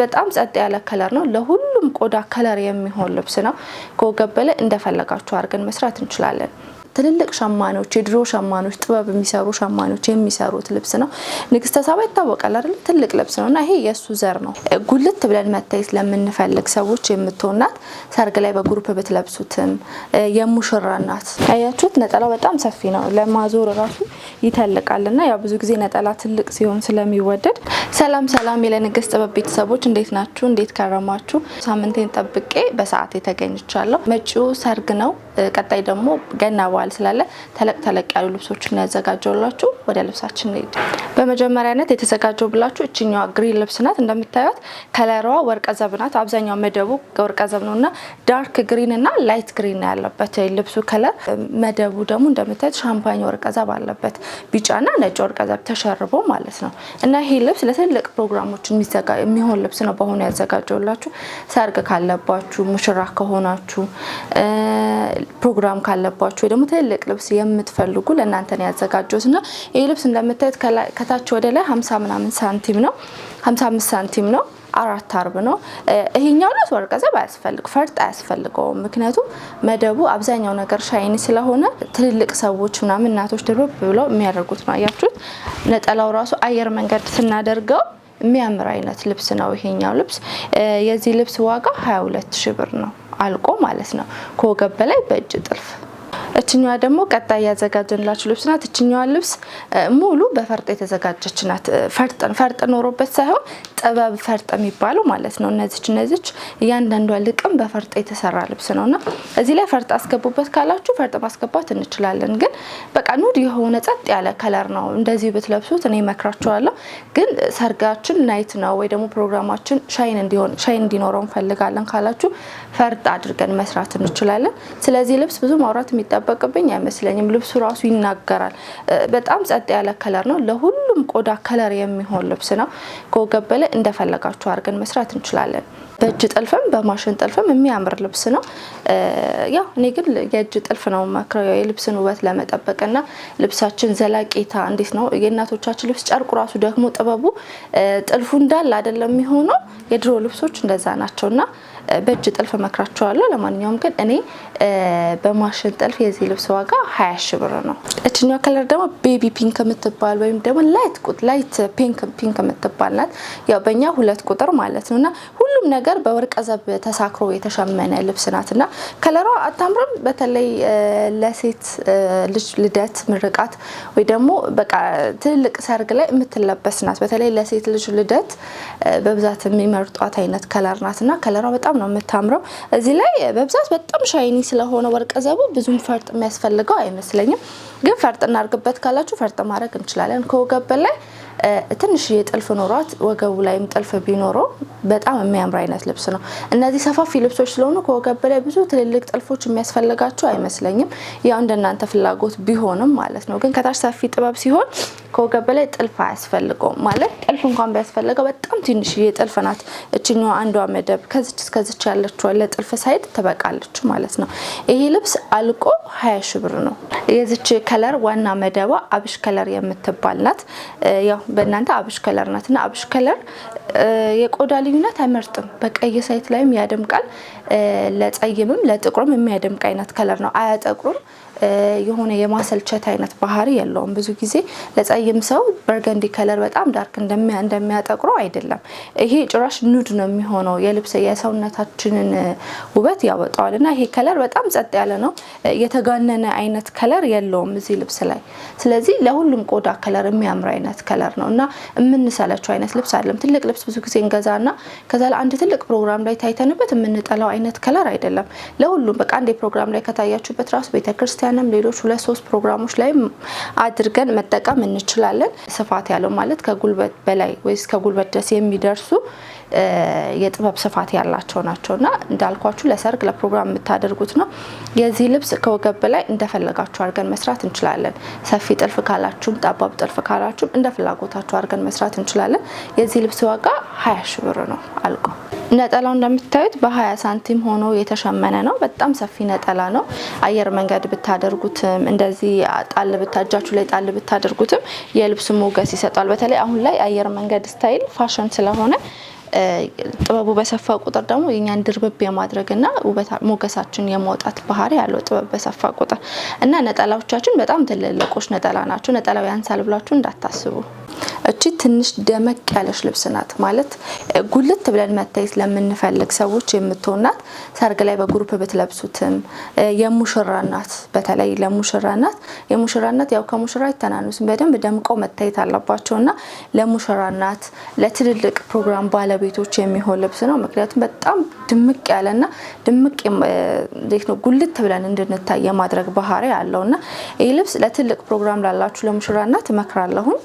በጣም ጸጥ ያለ ከለር ነው። ለሁሉም ቆዳ ከለር የሚሆን ልብስ ነው። ከወገብ በላይ እንደፈለጋችሁ አድርገን መስራት እንችላለን። ትልልቅ ሸማኔዎች፣ የድሮ ሸማኔዎች፣ ጥበብ የሚሰሩ ሸማኔዎች የሚሰሩት ልብስ ነው። ንግስተ ሳባ ይታወቃል አይደል? ትልቅ ልብስ ነው እና ይሄ የእሱ ዘር ነው። ጉልት ብለን መታየት ለምንፈልግ ሰዎች የምትሆናት ሰርግ ላይ በግሩፕ ብትለብሱትም የሙሽራ ናት። አያችሁት? ነጠላው በጣም ሰፊ ነው። ለማዞር ራሱ ይተልቃል እና ያው ብዙ ጊዜ ነጠላ ትልቅ ሲሆን ስለሚወደድ። ሰላም ሰላም የለንግስት ጥበብ ቤተሰቦች እንዴት ናችሁ? እንዴት ከረማችሁ? ሳምንቴን ጠብቄ በሰዓት የተገኝቻለሁ። መጪው ሰርግ ነው። ቀጣይ ደግሞ ገና በዓል ስላለ ተለቅ ተለቅ ያሉ ልብሶችን ያዘጋጀውላችሁ። ወደ ልብሳችን እንሂድ። በመጀመሪያነት የተዘጋጀው ብላችሁ እችኛዋ ግሪን ልብስ ናት። እንደምታዩት ከለሯ ወርቀ ዘብ ናት። አብዛኛው መደቡ ወርቀ ዘብ ነው እና ዳርክ ግሪን እና ላይት ግሪን ያለበት ልብሱ ከለር። መደቡ ደግሞ እንደምታዩት ሻምፓኝ ወርቀ ዘብ አለበት፣ ቢጫና ነጭ ወርቀ ዘብ ተሸርቦ ማለት ነው እና ይሄ ልብስ ለትልቅ ፕሮግራሞች የሚሆን ልብስ ነው። በአሁኑ ያዘጋጀውላችሁ ሰርግ ካለባችሁ፣ ሙሽራ ከሆናችሁ፣ ፕሮግራም ካለባችሁ ወይ ደግሞ ትልቅ ልብስ የምትፈልጉ ለእናንተን ያዘጋጀሁት እና ይህ ልብስ እንደምታዩት ከታች ወደ ላይ 50 ምናምን ሳንቲም ነው 55 ሳንቲም ነው። አራት አርብ ነው ይሄኛው ልብስ ወርቀ ዘብ አያስፈልግ ፈርጥ አያስፈልገውም። ምክንያቱም መደቡ አብዛኛው ነገር ሻይኒ ስለሆነ ትልልቅ ሰዎች ምናምን እናቶች ድርብ ብለው የሚያደርጉት ነው። አያችሁት? ነጠላው ራሱ አየር መንገድ ስናደርገው የሚያምር አይነት ልብስ ነው። ይሄኛው ልብስ የዚህ ልብስ ዋጋ 22 ሺ ብር ነው አልቆ ማለት ነው ከወገብ በላይ በእጅ ጥልፍ እችኛዋ ደግሞ ቀጣይ ያዘጋጀንላችሁ ልብስ ናት። እችኛዋ ልብስ ሙሉ በፈርጥ የተዘጋጀች ናት። ፈርጥ ኖሮበት ሳይሆን ጥበብ ፈርጥ የሚባለው ማለት ነው። እነዚች እነዚች እያንዳንዷ ልቅም በፈርጥ የተሰራ ልብስ ነውና እዚህ ላይ ፈርጥ አስገቡበት ካላችሁ ፈርጥ ማስገባት እንችላለን። ግን በቃ ኑድ የሆነ ጸጥ ያለ ከለር ነው። እንደዚህ ብትለብሱት እኔ መክራችኋለሁ። ግን ሰርጋችን ናይት ነው ወይ ደግሞ ፕሮግራማችን ሻይን እንዲሆን ሻይን እንዲኖረው እንፈልጋለን ካላችሁ ፈርጥ አድርገን መስራት እንችላለን። ስለዚህ ልብስ ብዙ ማውራት የሚጠበቅብኝ አይመስለኝም። ልብሱ ራሱ ይናገራል። በጣም ጸጥ ያለ ከለር ነው። ለሁሉም ቆዳ ከለር የሚሆን ልብስ ነው። ከወገብ በላይ እንደፈለጋችሁ አድርገን መስራት እንችላለን። በእጅ ጥልፍም በማሽን ጥልፍም የሚያምር ልብስ ነው። ያው እኔ ግን የእጅ ጥልፍ ነው መክረው የልብስን ውበት ለመጠበቅና ልብሳችን ዘላቂታ እንዴት ነው የእናቶቻችን ልብስ ጨርቁ ራሱ ደግሞ ጥበቡ ጥልፉ እንዳለ አይደለም የሚሆነው የድሮ ልብሶች እንደዛ ናቸውና በእጅ ጥልፍ መክራችኋለሁ። ለማንኛውም ግን እኔ በማሽን ጥልፍ የዚህ ልብስ ዋጋ ሀያ ሺ ብር ነው። እችኛ ከለር ደግሞ ቤቢ ፒንክ የምትባል ወይም ደግሞ ላይት ላይት ፒንክ ፒንክ የምትባል ናት። ያው በእኛ ሁለት ቁጥር ማለት ነው እና ሁሉም ነገር በወርቀ ዘብ ተሳክሮ የተሸመነ ልብስ ናት እና ከለሯ አታምርም። በተለይ ለሴት ልጅ ልደት፣ ምርቃት ወይ ደግሞ በቃ ትልቅ ሰርግ ላይ የምትለበስ ናት። በተለይ ለሴት ልጅ ልደት በብዛት የሚመርጧት አይነት ከለር ናት እና ከለሯ በጣም በጣም ነው የምታምረው። እዚህ ላይ በብዛት በጣም ሻይኒ ስለሆነ ወርቀ ዘቡ ብዙም ፈርጥ የሚያስፈልገው አይመስለኝም። ግን ፈርጥ እናርግበት ካላችሁ ፈርጥ ማድረግ እንችላለን ከወገብ በላይ ትንሽዬ ጥልፍ ኖሯት ወገቡ ላይም ጥልፍ ቢኖረው በጣም የሚያምር አይነት ልብስ ነው። እነዚህ ሰፋፊ ልብሶች ስለሆኑ ከወገብ በላይ ብዙ ትልልቅ ጥልፎች የሚያስፈልጋቸው አይመስለኝም። ያው እንደናንተ ፍላጎት ቢሆንም ማለት ነው። ግን ከታች ሰፊ ጥበብ ሲሆን ከወገብ በላይ ጥልፍ አያስፈልገውም ማለት ጥልፍ እንኳን ቢያስፈልገው በጣም ትንሽዬ ጥልፍ ናት እችኛዋ አንዷ መደብ ከዚች እስከዚች ያለችው ለጥልፍ ሳይድ ትበቃለች ማለት ነው። ይሄ ልብስ አልቆ ሀያ ሺ ብር ነው። የዚች ከለር ዋና መደባ አብሽ ከለር የምትባል ናት ያው በእናንተ አብሽ ከለር ናት እና አብሽ ከለር የቆዳ ልዩነት አይመርጥም። በቀይ ሳይት ላይም ያደምቃል፣ ለጸይምም ለጥቁርም የሚያደምቅ አይነት ከለር ነው። አያጠቁርም፣ የሆነ የማሰልቸት አይነት ባህሪ የለውም። ብዙ ጊዜ ለጸይም ሰው በርገንዲ ከለር በጣም ዳርክ እንደሚያጠቁረው አይደለም። ይሄ ጭራሽ ኑድ ነው የሚሆነው የልብስ የሰውነታችንን ውበት ያወጣዋል። እና ይሄ ከለር በጣም ጸጥ ያለ ነው። የተጋነነ አይነት ከለር የለውም እዚህ ልብስ ላይ። ስለዚህ ለሁሉም ቆዳ ከለር የሚያምር አይነት ከለር ነው እና የምንሰለቸው አይነት ልብስ አይደለም። ትልቅ ልብስ ብዙ ጊዜ እንገዛና ከዛ ለአንድ ትልቅ ፕሮግራም ላይ ታይተንበት የምንጠላው አይነት ከለር አይደለም። ለሁሉም በቃ አንድ ፕሮግራም ላይ ከታያችሁበት ራሱ ቤተክርስቲያን ፕሮግራምንም ሌሎች ሁለት ሶስት ፕሮግራሞች ላይ አድርገን መጠቀም እንችላለን። ስፋት ያለው ማለት ከጉልበት በላይ ወይስ ከጉልበት ድረስ የሚደርሱ የጥበብ ስፋት ያላቸው ናቸው እና እንዳልኳችሁ ለሰርግ ለፕሮግራም የምታደርጉት ነው። የዚህ ልብስ ከወገብ በላይ እንደፈለጋችሁ አድርገን መስራት እንችላለን። ሰፊ ጥልፍ ካላችሁም ጠባብ ጥልፍ ካላችሁም እንደ ፍላጎታችሁ አድርገን መስራት እንችላለን። የዚህ ልብስ ዋጋ ሀያ ሺ ብር ነው። አልቆ ነጠላው እንደምታዩት በ20 ሳንቲም ሆኖ የተሸመነ ነው። በጣም ሰፊ ነጠላ ነው። አየር መንገድ ብታደርጉትም እንደዚህ ጣል ብታጃችሁ ላይ ጣል ብታደርጉትም የልብሱ ሞገስ ይሰጣል። በተለይ አሁን ላይ አየር መንገድ ስታይል ፋሽን ስለሆነ ጥበቡ በሰፋ ቁጥር ደግሞ የኛን ድርብብ የማድረግና ሞገሳችን የማውጣት ባህሪ ያለው ጥበብ በሰፋ ቁጥር እና ነጠላዎቻችን በጣም ትልልቆች ነጠላ ናቸው። ነጠላው ያንሳል ብላችሁ እንዳታስቡ። እቺ ትንሽ ደመቅ ያለች ልብስ ናት። ማለት ጉልት ብለን መታየት ለምንፈልግ ሰዎች የምትሆናት ሰርግ ላይ በግሩፕ ብትለብሱትም የሙሽራናት በተለይ ለሙሽራናት የሙሽራናት ያው ከሙሽራ አይተናነሱም በደንብ ደምቀው መታየት አለባቸው እና ለሙሽራናት ለትልልቅ ፕሮግራም ባለቤቶች የሚሆን ልብስ ነው። ምክንያቱም በጣም ድምቅ ና ድምቅ ነው ጉልት ብለን እንድንታይ የማድረግ ባህሪ አለው እና ይህ ልብስ ለትልቅ ፕሮግራም ላላችሁ ለሙሽራናት እመክራለሁኝ።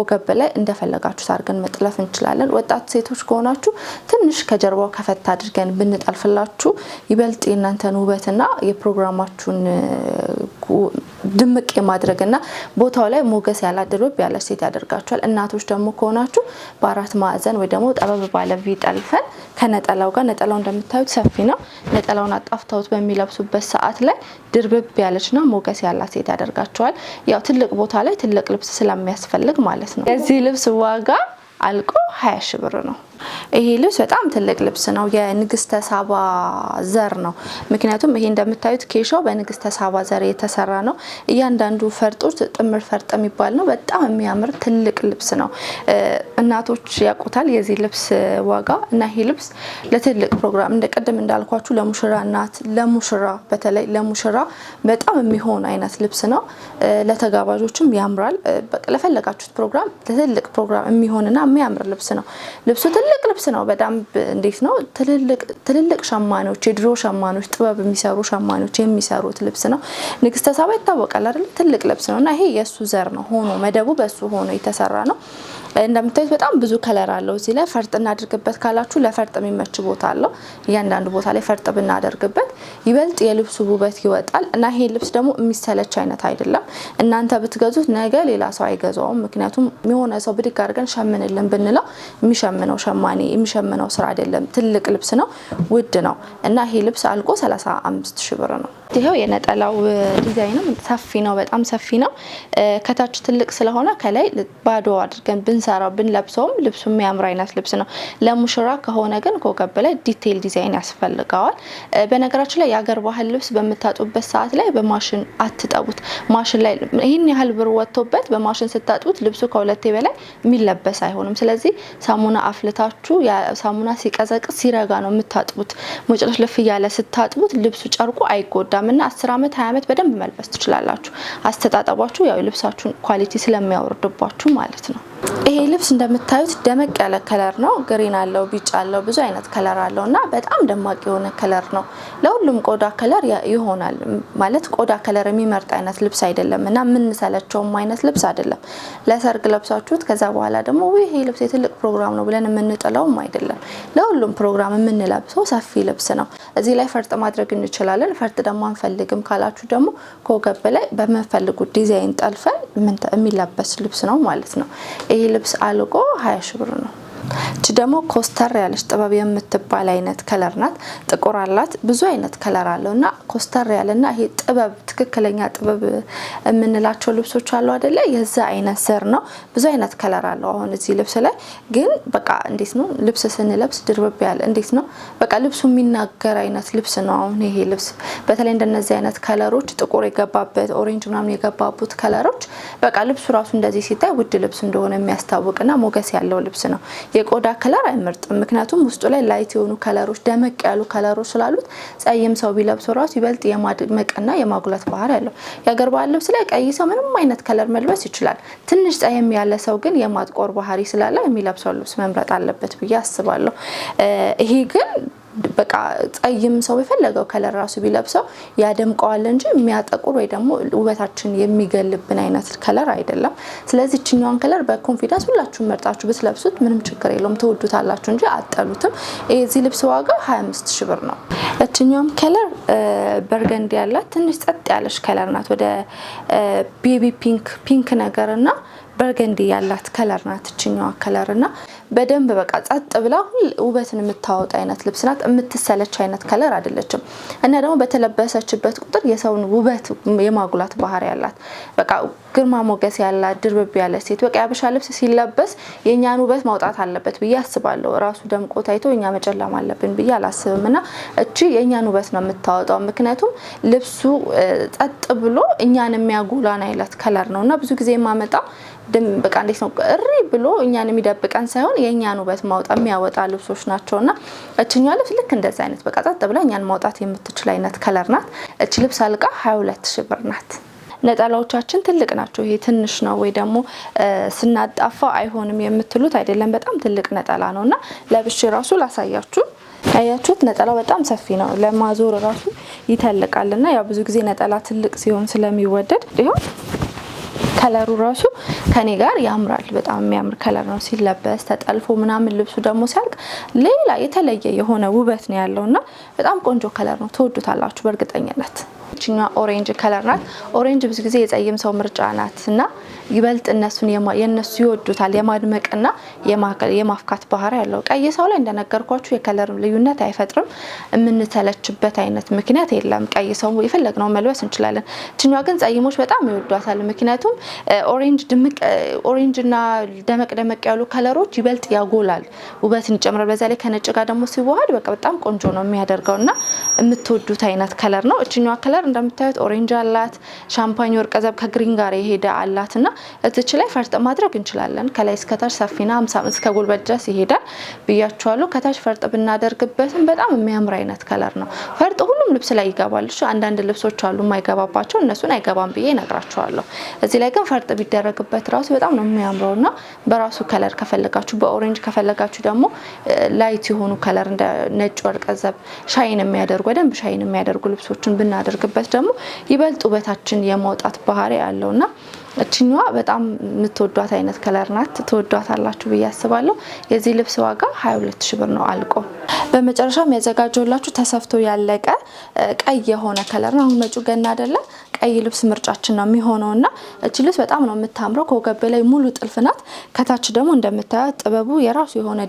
ወገብ ላይ እንደፈለጋችሁ አድርገን መጥለፍ እንችላለን። ወጣት ሴቶች ከሆናችሁ ትንሽ ከጀርባው ከፈት አድርገን ብንጠልፍላችሁ ይበልጥ የእናንተን ውበትና የፕሮግራማችሁን ድምቅ የማድረግና ቦታው ላይ ሞገስ ያላት ድርብ ያለች ሴት ያደርጋቸዋል። እናቶች ደግሞ ከሆናችሁ በአራት ማዕዘን ወይ ደግሞ ጠበብ ባለ ቪ ጠልፈን ከነጠላው ጋር ነጠላው እንደምታዩት ሰፊ ነው። ነጠላውን አጣፍተውት በሚለብሱበት ሰዓት ላይ ድርብብ ያለችና ሞገስ ያላት ሴት ያደርጋቸዋል። ያው ትልቅ ቦታ ላይ ትልቅ ልብስ ስለሚያስፈልግ ማለት ነው። የዚህ ልብስ ዋጋ አልቆ ሀያ ሺ ብር ነው። ይሄ ልብስ በጣም ትልቅ ልብስ ነው። የንግስተ ሳባ ዘር ነው። ምክንያቱም ይሄ እንደምታዩት ኬሻው በንግስተ ሳባ ዘር የተሰራ ነው። እያንዳንዱ ፈርጦች ጥምር ፈርጥ የሚባል ነው። በጣም የሚያምር ትልቅ ልብስ ነው። እናቶች ያውቁታል የዚህ ልብስ ዋጋ እና ይሄ ልብስ ለትልቅ ፕሮግራም እንደ ቅድም እንዳልኳችሁ ለሙሽራ እናት ለሙሽራ በተለይ ለሙሽራ በጣም የሚሆን አይነት ልብስ ነው። ለተጋባዦችም ያምራል። ለፈለጋችሁት ፕሮግራም ለትልቅ ፕሮግራም የሚሆንና የሚያምር ልብስ ነው። ልብሱ ትልቅ ትልቅ ልብስ ነው። በጣም እንዴት ነው ትልልቅ ሸማኔዎች፣ የድሮ ሸማኔዎች፣ ጥበብ የሚሰሩ ሸማኔዎች የሚሰሩት ልብስ ነው። ንግስተ ሳባ ይታወቃል አይደል? ትልቅ ልብስ ነው እና ይሄ የእሱ ዘር ነው ሆኖ መደቡ በሱ ሆኖ የተሰራ ነው። እንደምታዩት በጣም ብዙ ከለር አለው። እዚህ ላይ ፈርጥ እናድርግበት ካላችሁ ለፈርጥ የሚመች ቦታ አለው። እያንዳንዱ ቦታ ላይ ፈርጥ ብናደርግበት ይበልጥ የልብሱ ውበት ይወጣል እና ይሄ ልብስ ደግሞ የሚሰለች አይነት አይደለም። እናንተ ብትገዙት ነገ ሌላ ሰው አይገዛውም። ምክንያቱም የሆነ ሰው ብድግ አድርገን ሸምንልን ብንለው የሚሸምነው ሸማኔ የሚሸምነው ስራ አይደለም። ትልቅ ልብስ ነው፣ ውድ ነው እና ይሄ ልብስ አልቆ 35 ሺ ብር ነው። ይኸው የነጠላው ዲዛይንም ሰፊ ነው፣ በጣም ሰፊ ነው። ከታች ትልቅ ስለሆነ ከላይ ባዶ አድርገን ብንሰራው ብንለብሰውም ልብሱ የሚያምር አይነት ልብስ ነው። ለሙሽራ ከሆነ ግን ከወገብ ላይ ዲቴይል ዲዛይን ያስፈልገዋል። በነገራችን ላይ የአገር ባህል ልብስ በምታጡበት ሰዓት ላይ በማሽን አትጠቡት። ማሽን ላይ ይህን ያህል ብር ወጥቶበት በማሽን ስታጡት ልብሱ ከሁለቴ በላይ የሚለበስ አይሆንም። ስለዚህ ሳሙና አፍልታ አውጥታችሁ ሳሙና ሲቀዘቅዝ ሲረጋ ነው የምታጥቡት። ልፍ እያለ ስታጥቡት ልብሱ ጨርቁ አይጎዳም እና አስር ዓመት ሀያ ዓመት በደንብ መልበስ ትችላላችሁ። አስተጣጠቧችሁ ያው ልብሳችሁን ኳሊቲ ስለሚያወርድባችሁ ማለት ነው። ይሄ ልብስ እንደምታዩት ደመቅ ያለ ከለር ነው። ግሪን አለው፣ ቢጫ አለው፣ ብዙ አይነት ከለር አለው እና በጣም ደማቅ የሆነ ከለር ነው። ለሁሉም ቆዳ ከለር ይሆናል ማለት ቆዳ ከለር የሚመርጥ አይነት ልብስ አይደለም እና የምንሰለቸውም አይነት ልብስ አይደለም። ለሰርግ ለብሳችሁት ከዛ በኋላ ደግሞ ይሄ ልብስ የትልቅ ፕሮግራም ነው ብለን የምንጥለውም አይደለም። ለሁሉም ፕሮግራም የምንለብሰው ሰፊ ልብስ ነው። እዚህ ላይ ፈርጥ ማድረግ እንችላለን። ፈርጥ ደግሞ አንፈልግም ካላችሁ ደግሞ ከወገብ ላይ በምንፈልጉት ዲዛይን ጠልፈን የሚለበስ ልብስ ነው ማለት ነው ይሄ ልብስ አልቆ ሀያ ሺ ብር ነው። እች ደግሞ ኮስተር ያለች ጥበብ የምትባል አይነት ከለር ናት። ጥቁር አላት፣ ብዙ አይነት ከለር አለው እና ኮስተር ያለና ይሄ ጥበብ ትክክለኛ ጥበብ የምንላቸው ልብሶች አሉ አደለ? የዛ አይነት ስር ነው። ብዙ አይነት ከለር አለው። አሁን እዚህ ልብስ ላይ ግን በቃ እንዴት ነው ልብስ ስንለብስ ድርብብ ያለ እንዴት ነው በቃ ልብሱ የሚናገር አይነት ልብስ ነው። አሁን ይሄ ልብስ በተለይ እንደነዚህ አይነት ከለሮች ጥቁር የገባበት ኦሬንጅ ምናምን የገባቡት ከለሮች በቃ ልብሱ ራሱ እንደዚህ ሲታይ ውድ ልብስ እንደሆነ የሚያስታውቅና ሞገስ ያለው ልብስ ነው። የቆዳ ከለር አይመርጥም። ምክንያቱም ውስጡ ላይ ላይት የሆኑ ከለሮች፣ ደመቅ ያሉ ከለሮች ስላሉት ጸይም ሰው ቢለብሶ ራሱ ይበልጥ የማድመቅና የማጉላት ባህሪ ያለው። የአገር ባህል ልብስ ላይ ቀይ ሰው ምንም አይነት ከለር መልበስ ይችላል። ትንሽ ጸይም ያለ ሰው ግን የማጥቆር ባህሪ ስላለው የሚለብሰው ልብስ መምረጥ አለበት ብዬ አስባለሁ። ይሄ ግን በቃ ጸይም ሰው የፈለገው ከለር ራሱ ቢለብሰው ያደምቀዋል እንጂ የሚያጠቁር ወይ ደግሞ ውበታችን የሚገልብን አይነት ከለር አይደለም። ስለዚህ እችኛዋን ከለር በኮንፊደንስ ሁላችሁም መርጣችሁ ብትለብሱት ምንም ችግር የለውም፣ ትወዱታላችሁ እንጂ አጠሉትም። የዚህ ልብስ ዋጋ 25 ሺ ብር ነው። እችኛውም ከለር በርገንድ ያላት ትንሽ ጸጥ ያለች ከለር ናት። ወደ ቤቢ ፒንክ ፒንክ ነገር እና በርገንዲ ያላት ከለር ናት እችኛዋ ከለር እና በደንብ በቃ ጸጥ ብላ ውበትን የምታወጣ አይነት ልብስ ናት። የምትሰለች አይነት ከለር አይደለችም እና ደግሞ በተለበሰችበት ቁጥር የሰውን ውበት የማጉላት ባህሪ ያላት በቃ ግርማ ሞገስ ያላት ድርብብ ያለ ሴት በቃ ያበሻ ልብስ ሲለበስ የእኛን ውበት ማውጣት አለበት ብዬ አስባለሁ። ራሱ ደምቆ ታይቶ እኛ መጨለም አለብን ብዬ አላስብም ና እቺ የእኛን ውበት ነው የምታወጣው። ምክንያቱም ልብሱ ጸጥ ብሎ እኛን የሚያጉላን አይነት ከለር ነው እና ብዙ ጊዜ የማመጣ ድም በቃ እንዴት ነው እሪ ብሎ እኛን የሚደብቀን ሳይሆን የእኛን ውበት ማውጣ የሚያወጣ ልብሶች ናቸው እና እችኛ ልብስ ልክ እንደዚ አይነት በቃ ጸጥ ብላ እኛን ማውጣት የምትችል አይነት ከለር ናት። እች ልብስ አልቃ 22 ሁለት ሺ ብር ናት። ነጠላዎቻችን ትልቅ ናቸው። ይሄ ትንሽ ነው ወይ ደግሞ ስናጣፋ አይሆንም የምትሉት አይደለም። በጣም ትልቅ ነጠላ ነው እና ለብሼ ራሱ ላሳያችሁ። ያያችሁት ነጠላው በጣም ሰፊ ነው። ለማዞር ራሱ ይተልቃል እና ያው ብዙ ጊዜ ነጠላ ትልቅ ሲሆን ስለሚወደድ ይሁን ከለሩ ራሱ ከኔ ጋር ያምራል። በጣም የሚያምር ከለር ነው ሲለበስ ተጠልፎ ምናምን ልብሱ ደግሞ ሲያልቅ ሌላ የተለየ የሆነ ውበት ነው ያለው እና በጣም ቆንጆ ከለር ነው። ትወዱታላችሁ በእርግጠኝነት። ይችኛዋ ኦሬንጅ ከለር ናት። ኦሬንጅ ብዙ ጊዜ የጸይም ሰው ምርጫ ናት እና ይበልጥ እነሱን የእነሱ ይወዱታል። የማድመቅና የማፍካት ባህሪ ያለው ቀይ ሰው ላይ እንደነገርኳችሁ የከለር ልዩነት አይፈጥርም። የምንተለችበት አይነት ምክንያት የለም። ቀይ ሰው የፈለግነው መልበስ እንችላለን። ትኛዋ ግን ጸይሞች በጣም ይወዷታል። ምክንያቱም ኦሬንጅ ኦሬንጅና ደመቅ ደመቅ ያሉ ከለሮች ይበልጥ ያጎላል፣ ውበትን ይጨምራል። በዛ ላይ ከነጭ ጋር ደግሞ ሲዋሃድ በቃ በጣም ቆንጆ ነው የሚያደርገው እና የምትወዱት አይነት ከለር ነው። እችኛዋ ከለር እንደምታዩት ኦሬንጅ አላት፣ ሻምፓኝ ወርቀዘብ ከግሪን ጋር የሄደ አላት እና እዚች ላይ ፈርጥ ማድረግ እንችላለን። ከላይ እስከታች ሰፊና ሀምሳ እስከ ጉልበት ድረስ ይሄዳል ብያችኋለሁ። ከታች ፈርጥ ብናደርግበትም በጣም የሚያምር አይነት ከለር ነው። ፈርጥ ሁሉም ልብስ ላይ ይገባል። አንዳንድ ልብሶች አሉ የማይገባባቸው እነሱን አይገባም ብዬ ነግራችኋለሁ። እዚህ ላይ ግን ፈርጥ ቢደረግበት ራሱ በጣም ነው የሚያምረው እና በራሱ ከለር ከፈለጋችሁ በኦሬንጅ ከፈለጋችሁ ደግሞ ላይት የሆኑ ከለር እንደ ነጭ ወርቀ ዘብ ሻይን የሚያደርጉ በደንብ ሻይን የሚያደርጉ ልብሶችን ብናደርግበት ደግሞ ይበልጥ ውበታችን የማውጣት ባህሪ አለውና እችኛዋ በጣም የምትወዷት አይነት ከለር ናት። ትወዷታላችሁ ብዬ አስባለሁ። የዚህ ልብስ ዋጋ 22 ሺ ብር ነው አልቆ። በመጨረሻም ያዘጋጀውላችሁ ተሰፍቶ ያለቀ ቀይ የሆነ ከለር ነው። አሁን መጪው ገና አይደለም። ቀይ ልብስ ምርጫችን ነው የሚሆነው እና እች ልብስ በጣም ነው የምታምረው። ከወገቤ ላይ ሙሉ ጥልፍ ናት። ከታች ደግሞ እንደምታዩት ጥበቡ የራሱ የሆነ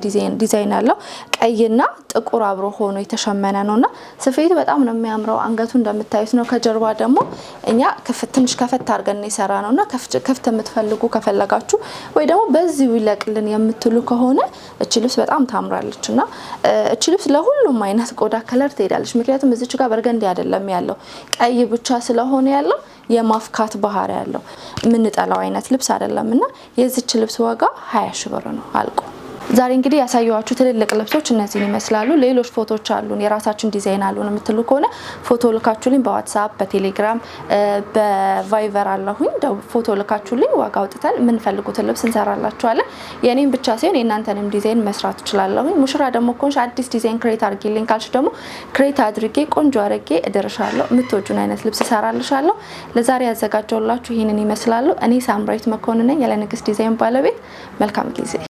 ዲዛይን አለው ቀይና ጥቁር አብሮ ሆኖ የተሸመነ ነው እና ስፌቱ በጣም ነው የሚያምረው። አንገቱ እንደምታዩት ነው። ከጀርባ ደግሞ እኛ ትንሽ ከፈት አድርገን የሰራ ነው እና ክፍት የምትፈልጉ ከፈለጋችሁ ወይ ደግሞ በዚሁ ይለቅልን የምትሉ ከሆነ እች ልብስ በጣም ታምራለች እና እች ልብስ ለሁሉም አይነት ቆዳ ከለር ትሄዳለች። ምክንያቱም እዚች ጋር በርገንዲ አይደለም ያለው ቀይ ብቻ ስለሆነ ያለ ያለው የማፍካት ባህሪ ያለው የምንጠላው አይነት ልብስ አይደለም እና የዚች ልብስ ዋጋ ሀያ ሺ ብር ነው አልቆ ዛሬ እንግዲህ ያሳየዋችሁ ትልልቅ ልብሶች እነዚህን ይመስላሉ። ሌሎች ፎቶዎች አሉን የራሳችን ዲዛይን አሉን የምትሉ ከሆነ ፎቶ ልካችሁልኝ በዋትሳፕ በቴሌግራም በቫይቨር አለሁኝ ፎቶ ልካችሁልኝ ዋጋ አውጥተን የምንፈልጉትን ልብስ እንሰራላችኋለን። የኔም ብቻ ሲሆን የእናንተንም ዲዛይን መስራት እችላለሁኝ። ሙሽራ ደግሞ ከሆንሽ አዲስ ዲዛይን ክሬት አድርጊልኝ ካልሽ ደግሞ ክሬት አድርጌ ቆንጆ አድርጌ እደርሻለሁ። የምትወጁን አይነት ልብስ እሰራልሻለሁ። ለዛሬ ያዘጋጀውላችሁ ይህንን ይመስላሉ። እኔ ሳምራዊት መኮንን ነኝ ዲዛይን ባለቤት። መልካም ጊዜ